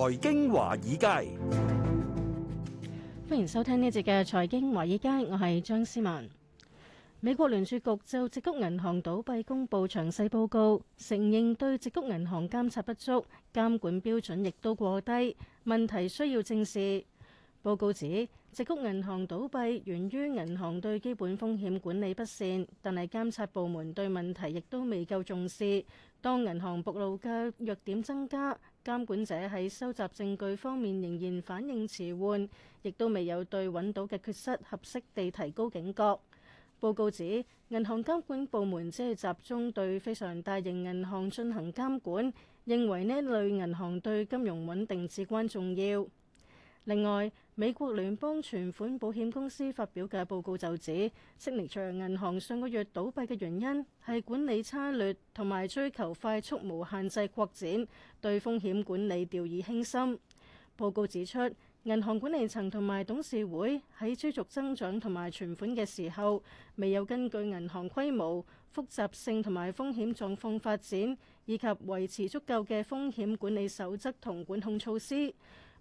財經華爾街，歡迎收聽呢節嘅財經華爾街，我係張思文。美國聯儲局就矽谷銀行倒閉公佈詳細報告，承認對矽谷銀行監察不足，監管標準亦都過低，問題需要正視。報告指，矽谷銀行倒閉源於銀行對基本風險管理不善，但係監察部門對問題亦都未夠重視，當銀行暴露嘅弱點增加。監管者喺收集證據方面仍然反應遲緩，亦都未有對揾到嘅缺失合適地提高警覺。報告指，銀行監管部門只係集中對非常大型銀行進行監管，認為呢類銀行對金融穩定至關重要。另外，美國聯邦存款保險公司發表嘅報告就指，悉尼在銀行上個月倒閉嘅原因係管理差劣同埋追求快速無限制擴展，對風險管理掉以輕心。報告指出，銀行管理層同埋董事會喺追逐增長同埋存款嘅時候，未有根據銀行規模、複雜性同埋風險狀況發展，以及維持足夠嘅風險管理守則同管控措施。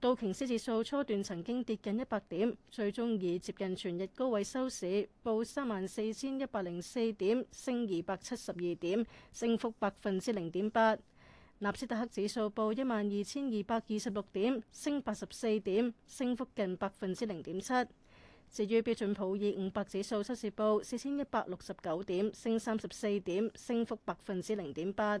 道瓊斯指數初段曾經跌近一百點，最終以接近全日高位收市，報三萬四千一百零四點，升二百七十二點，升幅百分之零點八。納斯達克指數報一萬二千二百二十六點，升八十四點，升幅近百分之零點七。至於標準普爾五百指數則是報四千一百六十九點，升三十四點，升幅百分之零點八。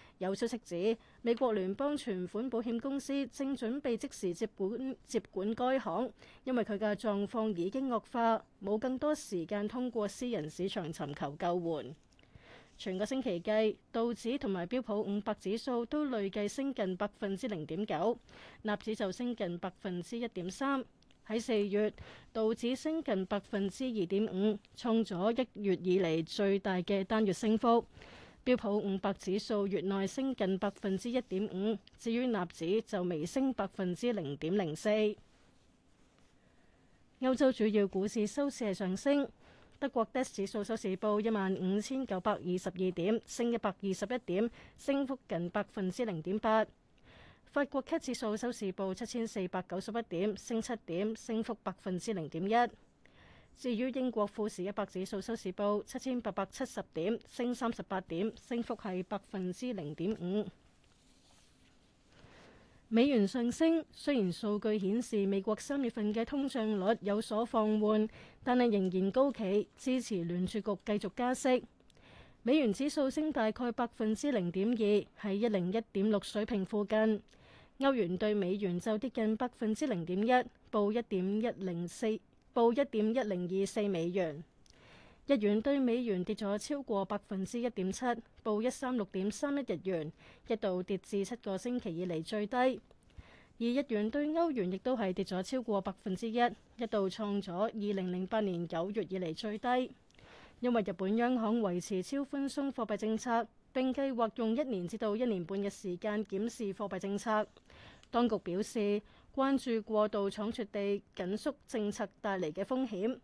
有消息指，美國聯邦存款保險公司正準備即時接管接管該行，因為佢嘅狀況已經惡化，冇更多時間通過私人市場尋求救援。全個星期計，道指同埋標普五百指數都累計升近百分之零點九，納指就升近百分之一點三。喺四月，道指升近百分之二點五，創咗一月以嚟最大嘅單月升幅。標普五百指數月內升近百分之一點五，至於納指就微升百分之零點零四。歐洲主要股市收市係上升，德國 DAX 指數收市報一萬五千九百二十二點，升一百二十一點，升幅近百分之零點八。法國 CAC 指數收市報七千四百九十一點，升七點，升幅百分之零點一。至於英國富時一百指數收市報七千八百七十點，升三十八點，升幅係百分之零點五。美元上升，雖然數據顯示美國三月份嘅通脹率有所放緩，但係仍然高企，支持聯儲局繼續加息。美元指數升大概百分之零點二，喺一零一點六水平附近。歐元對美元就跌近百分之零點一，報一點一零四。1 報一點一零二四美元，日元對美元跌咗超過百分之一點七，報一三六點三一日元，一度跌至七個星期以嚟最低。而日元對歐元亦都係跌咗超過百分之一，一度創咗二零零八年九月以嚟最低。因為日本央行維持超寬鬆貨幣政策，並計劃用一年至到一年半嘅時間檢視貨幣政策。當局表示。關注過度搶奪地緊縮政策帶嚟嘅風險，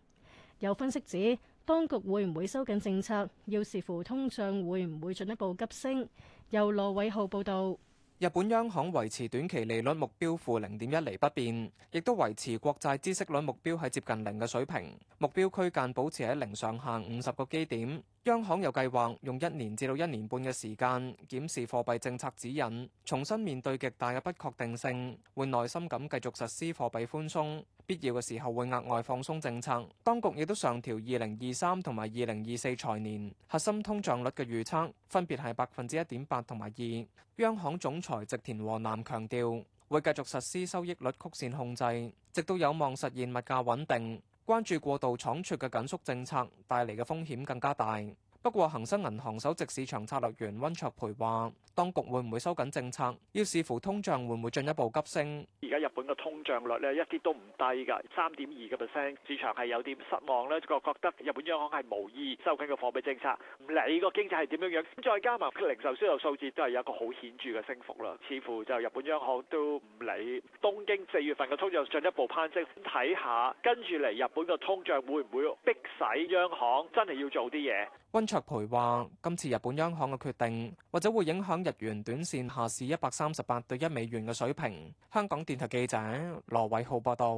有分析指當局會唔會收緊政策，要視乎通脹會唔會進一步急升。由羅偉浩報道。日本央行維持短期利率目標負零點一厘不變，亦都維持國債孳息率目標係接近零嘅水平，目標區間保持喺零上下五十個基點。央行又計劃用一年至到一年半嘅時間檢視貨幣政策指引，重新面對極大嘅不確定性，會耐心咁繼續實施貨幣寬鬆，必要嘅時候會額外放鬆政策。當局亦都上調二零二三同埋二零二四財年核心通脹率嘅預測，分別係百分之一點八同埋二。央行總裁植田和男強調，會繼續實施收益率曲線控制，直到有望實現物價穩定。關注過度倉促嘅緊縮政策，帶嚟嘅風險更加大。不過，恒生銀行首席市場策略員温卓培話，當局會唔會收緊政策，要視乎通脹會唔會進一步急升。而家日本嘅通脹率呢，一啲都唔低㗎，三點二個 percent，市場係有啲失望呢。覺覺得日本央行係無意收緊個貨幣政策，唔理個經濟係點樣樣。再加埋佢零售銷售數字都係有一個好顯著嘅升幅啦，似乎就日本央行都唔理東京四月份嘅通脹進一步攀升，睇下跟住嚟日本嘅通脹會唔會逼使央行真係要做啲嘢。溫卓培話：今次日本央行嘅決定，或者會影響日元短線下市一百三十八對一美元嘅水平。香港電台記者羅偉浩報道。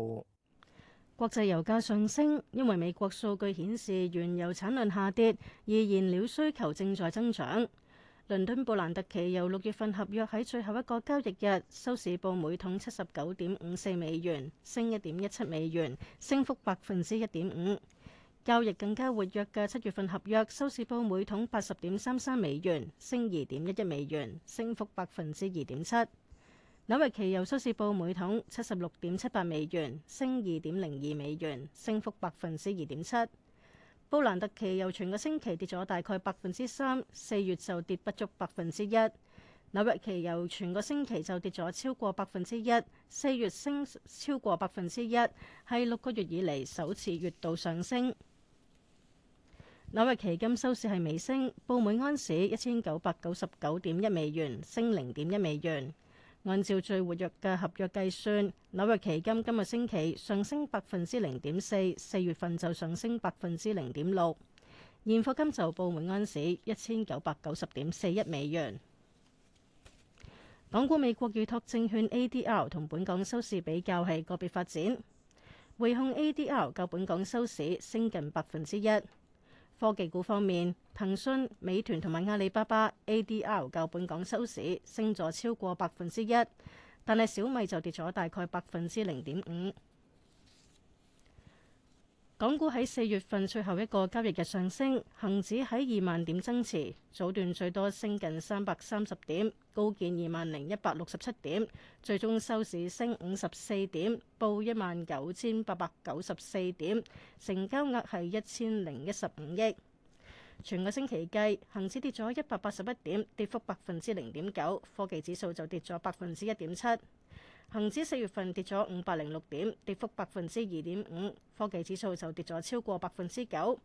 國際油價上升，因為美國數據顯示原油產量下跌，而燃料需求正在增長。倫敦布蘭特期油六月份合約喺最後一個交易日收市報每桶七十九點五四美元，升一點一七美元，升幅百分之一點五。交易更加活躍嘅七月份合約收市報每桶八十點三三美元，升二點一一美元，升幅百分之二點七。紐約期油收市報每桶七十六點七八美元，升二點零二美元，升幅百分之二點七。布蘭特期油全個星期跌咗大概百分之三，四月就跌不足百分之一。紐約期油全個星期就跌咗超過百分之一，四月升超過百分之一，係六個月以嚟首次月度上升。紐約期金收市係微升，報每安市一千九百九十九點一美元，升零點一美元。按照最活躍嘅合約計算，紐約期金今個星期上升百分之零點四，四月份就上升百分之零點六。現貨金就報每安市一千九百九十點四一美元。港股美國預託證券 ADR 同本港收市比較係個別發展，匯控 ADR 較本港收市升近百分之一。科技股方面，騰訊、美團同埋阿里巴巴 ADR 較本港收市升咗超過百分之一，但係小米就跌咗大概百分之零點五。港股喺四月份最後一個交易日上升，恒指喺二萬點爭持，早段最多升近三百三十點，高見二萬零一百六十七點，最終收市升五十四點，報一萬九千八百九十四點，成交額係一千零一十五億。全個星期計，恒指跌咗一百八十一點，跌幅百分之零點九，科技指數就跌咗百分之一點七。恒指四月份跌咗五百零六點，跌幅百分之二點五。科技指數就跌咗超過百分之九。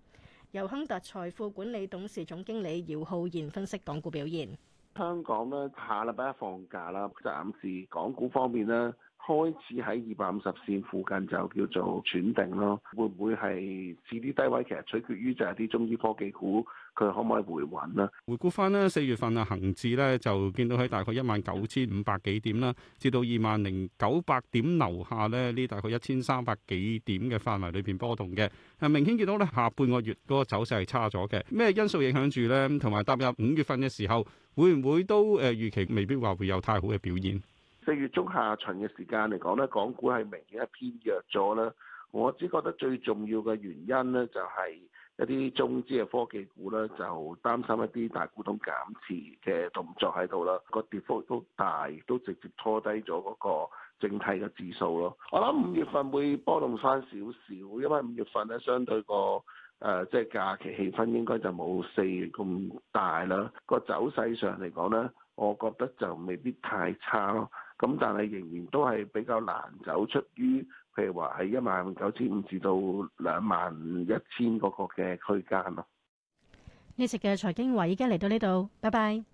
由亨達財富管理董事總經理姚浩然分析港股表現。香港呢，下禮拜放假啦，暫時港股方面呢。開始喺二百五十線附近就叫做喘定咯，會唔會係至啲低位？其實取決於就係啲中醫科技股佢可唔可以回穩啦。回顧翻呢四月份啊，恒指呢，就見到喺大概一萬九千五百幾點啦，至到二萬零九百點樓下呢，呢大概一千三百幾點嘅範圍裏邊波動嘅。係明顯見到呢下半個月嗰個走勢係差咗嘅。咩因素影響住呢？同埋踏入五月份嘅時候，會唔會都誒、呃、預期未必話會有太好嘅表現？四月中下旬嘅時間嚟講咧，港股係明顯係偏弱咗啦。我只覺得最重要嘅原因咧，就係一啲中資嘅科技股咧，就擔心一啲大股東減持嘅動作喺度啦。個跌幅都大，都直接拖低咗嗰個整體嘅指數咯。我諗五月份會波動翻少少，因為五月份咧，相對個誒即係假期氣氛應該就冇四月咁大啦。個走勢上嚟講咧，我覺得就未必太差咯。咁但係仍然都係比較難走出於，譬如話喺一萬九千五至到兩萬一千嗰個嘅區間咯。呢次嘅財經華爾街已經嚟到呢度，拜拜。